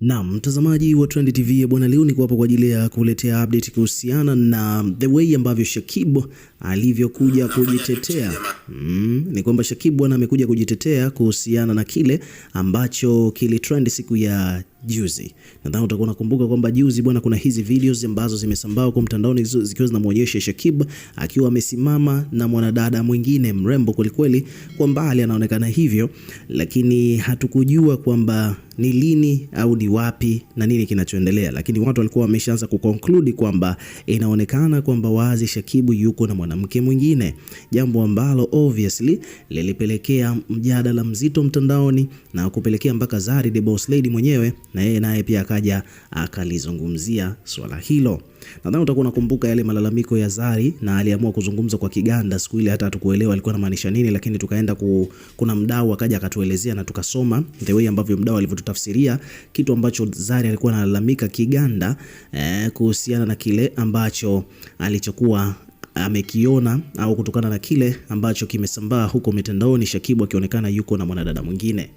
Na mtazamaji wa Trend TV bwana, leo niko hapa kwa ajili ya kuletea update kuhusiana na the way ambavyo Shakib alivyokuja kujitetea. Mm, ni kwamba Shakib bwana amekuja kujitetea kuhusiana na kile ambacho kilitrend siku ya juzi. Nadhani utakuwa unakumbuka kwamba juzi bwana, kuna hizi videos ambazo zimesambaa kwa mtandaoni zikiwa zinamuonyesha Shakib akiwa amesimama na mwanadada mwingine mrembo kwelikweli, kwa mbali anaonekana hivyo, lakini hatukujua kwamba ni lini au ni wapi na nini kinachoendelea, lakini watu walikuwa wameshaanza kuconclude kwamba inaonekana kwamba wazi Shakibu yuko na mwanamke mwingine, jambo ambalo obviously lilipelekea mjadala mzito mtandaoni na kupelekea mpaka Zari the Boss Lady mwenyewe na yeye naye pia akaja akalizungumzia swala hilo. Nadhani utakuwa unakumbuka yale malalamiko ya Zari, na aliamua kuzungumza kwa Kiganda siku ile, hata hatukuelewa alikuwa anamaanisha nini, lakini tukaenda ku, kuna mdau akaja akatuelezea na tukasoma the way ambavyo mdau alivyotafsiria kitu ambacho Zari alikuwa analalamika Kiganda eh, kuhusiana na kile ambacho alichokuwa amekiona au kutokana na kile ambacho kimesambaa huko mitandaoni, Shakibu akionekana yuko na mwanadada mwingine.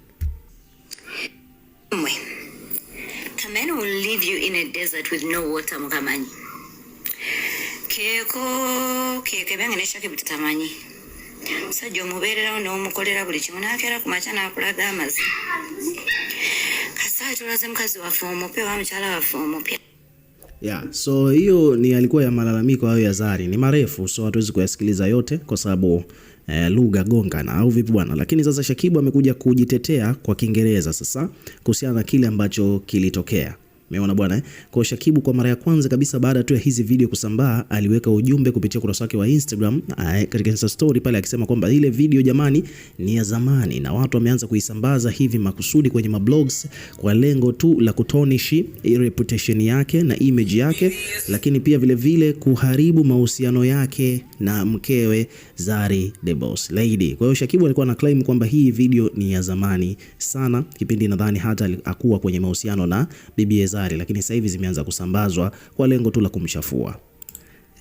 man will leave you in a desert with no water mukamanyi keeko keeko ebyange neekyake bititamanyi omusajja omubeererawo n'omukolera buli kimu nakera ku maca n'akulaga amazi kasaatulaze mukazi waffe omupya oba mukyala waffe omupya Yeah, so hiyo ni alikuwa ya malalamiko hayo ya Zari, ni marefu so hatuwezi kuyasikiliza yote kwa sababu eh, lugha gongana au vipi bwana. Lakini sasa Shakibu amekuja kujitetea kwa Kiingereza sasa kuhusiana na kile ambacho kilitokea. Umeona bwana eh? Kwa Shakibu kwa mara ya kwanza kabisa baada tu ya hizi video kusambaa, aliweka ujumbe kupitia ukurasa wake wa Instagram eh, katika Insta story pale akisema kwamba ile video jamani ni ya zamani na watu wameanza kuisambaza hivi makusudi kwenye mablogs kwa lengo tu la kutonishi reputation yake na image yake, lakini pia vile vile kuharibu mahusiano yake na mkewe Zari the Boss Lady. Kwa hiyo Shakibu alikuwa na claim kwamba hii video ni ya zamani sana, kipindi nadhani hata akuwa kwenye mahusiano na bibi Zari habari, lakini sasa hivi zimeanza kusambazwa kwa lengo tu la kumchafua.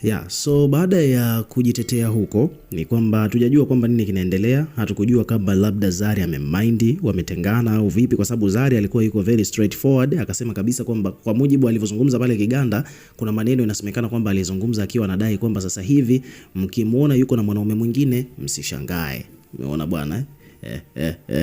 Yeah, so baada ya kujitetea huko ni kwamba tujajua kwamba nini kinaendelea. Hatukujua kama labda Zari amemindi wametengana au vipi, kwa sababu Zari alikuwa yuko very straightforward, akasema kabisa kwamba kwa mujibu alivyozungumza pale Kiganda, kuna maneno inasemekana kwamba alizungumza akiwa anadai kwamba sasa hivi mkimwona yuko na mwanaume mwingine msishangae. Umeona bwana eh?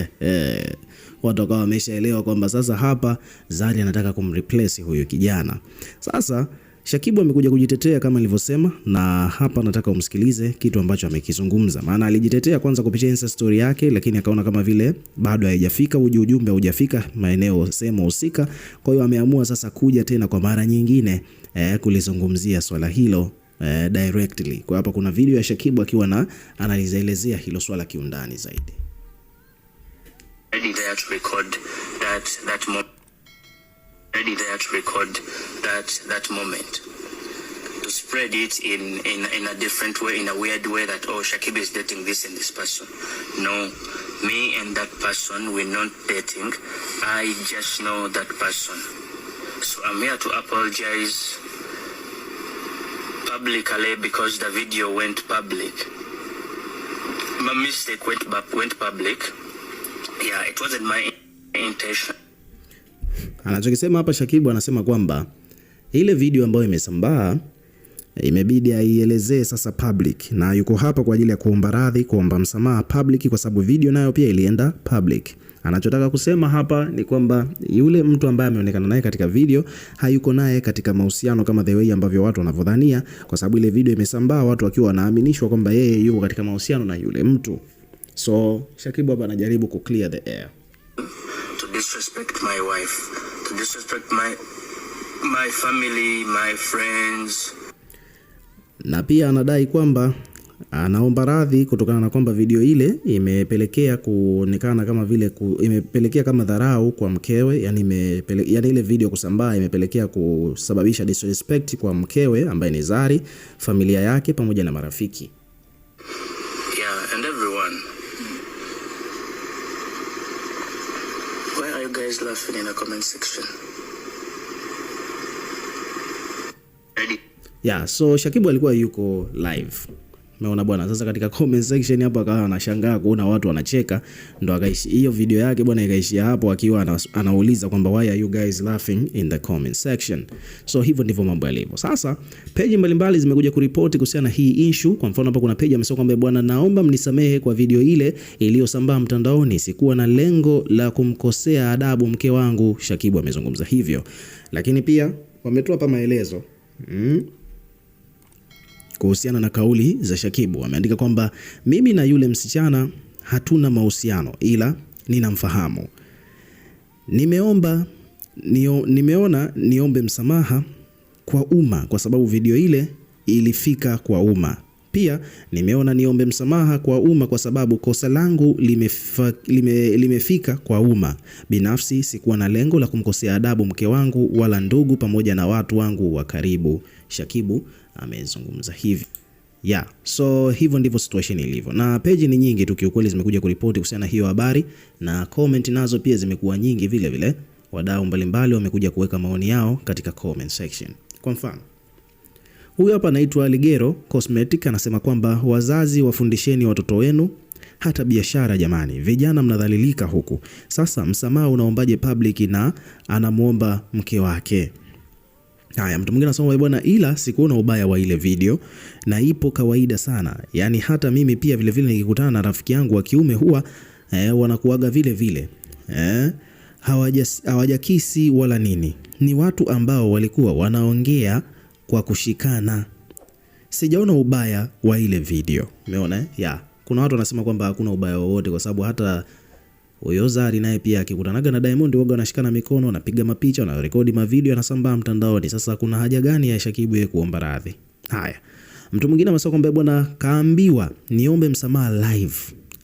watu wakawa wameshaelewa kwamba sasa hapa Zari anataka kumreplace huyu kijana. Sasa Shakibu amekuja kujitetea kama nilivyosema, na hapa nataka umsikilize kitu ambacho amekizungumza, maana alijitetea kwanza kupitia Insta story yake, lakini akaona kama vile bado haijafika uji ujumbe haujafika maeneo sehemu husika. Kwa hiyo ameamua sasa kuja tena kwa mara nyingine eh, kulizungumzia swala hilo eh, directly. Kwa hapa kuna video ya Shakibu akiwa na analizaelezea hilo swala kiundani zaidi. ready there to record that that moment. Ready there to record that that moment. To spread it in, in in a different way, in a weird way that oh Shakib is dating this and this person. No, me and that person we're not dating. I just know that person. So I'm here to apologize publicly because the video went public. My mistake went went public Yeah, it wasn't my intention. Anachokisema hapa Shakibu anasema kwamba ile video ambayo imesambaa imebidi aielezee sasa public, na yuko hapa kwa ajili ya kuomba radhi, kuomba msamaha public, kwa sababu video nayo pia ilienda public. Anachotaka kusema hapa ni kwamba yule mtu ambaye ameonekana naye katika video hayuko naye katika mahusiano kama the way ambavyo watu wanavyodhania, kwa sababu ile video imesambaa watu wakiwa wanaaminishwa kwamba yeye yuko katika mahusiano na yule mtu. So Shakibu hapa anajaribu ku clear the air. To disrespect my wife, to disrespect my my family, my friends. Na pia anadai kwamba anaomba radhi kutokana na kwamba video ile imepelekea kuonekana kama vile ku, imepelekea kama dharau kwa mkewe yani, imepele, yani ile video kusambaa imepelekea kusababisha disrespect kwa mkewe ambaye ni Zari, familia yake pamoja na marafiki guys laughing in the comment section. Ready? Yeah, so Shakibu alikuwa yuko live. Umeona bwana, sasa katika comment section hapo akawa anashangaa kuona watu wanacheka, ndo akaishi hiyo video yake bwana, ikaishia hapo akiwa anauliza kwamba why are you guys laughing in the comment section. So hivyo ndivyo mambo yalivyo. Sasa page mbalimbali zimekuja kuripoti kuhusiana na hii issue. Kwa mfano hapa kuna page amesema kwamba bwana, naomba mnisamehe kwa video ile iliyosambaa mtandaoni, sikuwa na lengo la kumkosea adabu mke wangu. Shakibu amezungumza hivyo, lakini pia wametoa hapa maelezo mm. Kuhusiana na kauli za Shakibu ameandika kwamba mimi na yule msichana hatuna mahusiano, ila ninamfahamu. Nimeomba nio, nimeona niombe msamaha kwa umma kwa sababu video ile ilifika kwa umma. Pia nimeona niombe msamaha kwa umma kwa sababu kosa langu limefa, lime, limefika kwa umma. Binafsi sikuwa na lengo la kumkosea adabu mke wangu wala ndugu pamoja na watu wangu wa karibu. Shakibu amezungumza hivi. Yeah, so hivyo ndivyo situation ilivyo, na peji ni nyingi tu kiukweli zimekuja kuripoti kuhusiana na hiyo habari, na comment nazo pia zimekuwa nyingi vile vile. Wadau mbalimbali wamekuja kuweka maoni yao katika comment section. Kwa mfano Huyu hapa anaitwa Ligero Cosmetic anasema kwamba wazazi, wafundisheni watoto wenu hata biashara jamani, vijana mnadhalilika huku. Sasa msamaha unaombaje public? Na anamwomba mke wake. Haya, mtu mwingine anasema bwana, ila sikuona ubaya wa ile video na ipo kawaida sana, yaani hata mimi pia vilevile nikikutana na rafiki yangu wa kiume huwa eh, wanakuaga vile vile eh, hawajakisi wala nini. Ni watu ambao walikuwa wanaongea kwa kushikana. Sijaona ubaya wa ile video, umeona eh? ya Kuna watu wanasema kwamba hakuna ubaya wowote, kwa sababu hata Oyozari naye pia akikutanaga na Diamond waga wanashikana mikono, wanapiga mapicha, wanarekodi mavideo, anasambaa mtandaoni. Sasa kuna haja gani ya Shakibu yeye kuomba radhi? Haya, mtu mwingine amesema kwamba bwana, kaambiwa niombe msamaha live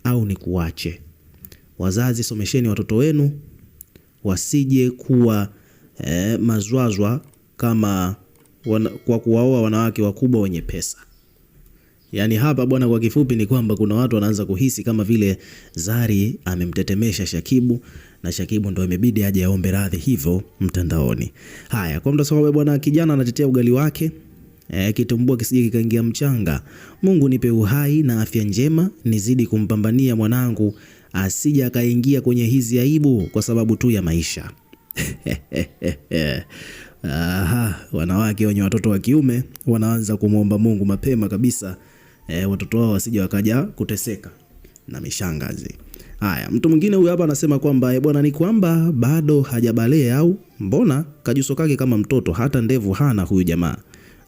au ni kuache. Wazazi, somesheni watoto wenu wasije kuwa eh, mazwazwa kama wana, kwa kuwaoa wanawake wakubwa wenye pesa. Yaani hapa bwana, kwa kifupi ni kwamba kuna watu wanaanza kuhisi kama vile Zari amemtetemesha Shakibu na Shakibu ndo imebidi aje aombe radhi hivyo mtandaoni. Haya, kwa sababu bwana, kijana anatetea ugali wake eh, kitumbua kisije kikaingia mchanga. Mungu nipe uhai na afya njema, nizidi kumpambania mwanangu asija akaingia kwenye hizi aibu kwa sababu tu ya maisha Aha, wanawake wenye watoto wa kiume wanaanza kumwomba Mungu mapema kabisa e, watoto wao wasije wakaja kuteseka na mishangazi. Haya, mtu mwingine huyu hapa anasema kwamba e, bwana ni kwamba bado hajabalea au mbona kajuso kake kama mtoto, hata ndevu hana huyu jamaa.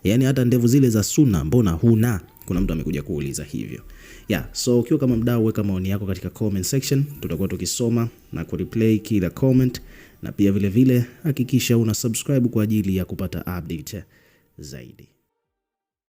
Yaani hata ndevu zile za suna mbona huna? Kuna mtu amekuja kuuliza hivyo. Yeah, so ukiwa kama mdau, weka maoni yako katika comment section, tutakuwa tukisoma na kureplay kila comment na pia vilevile hakikisha una subscribe kwa ajili ya kupata update zaidi.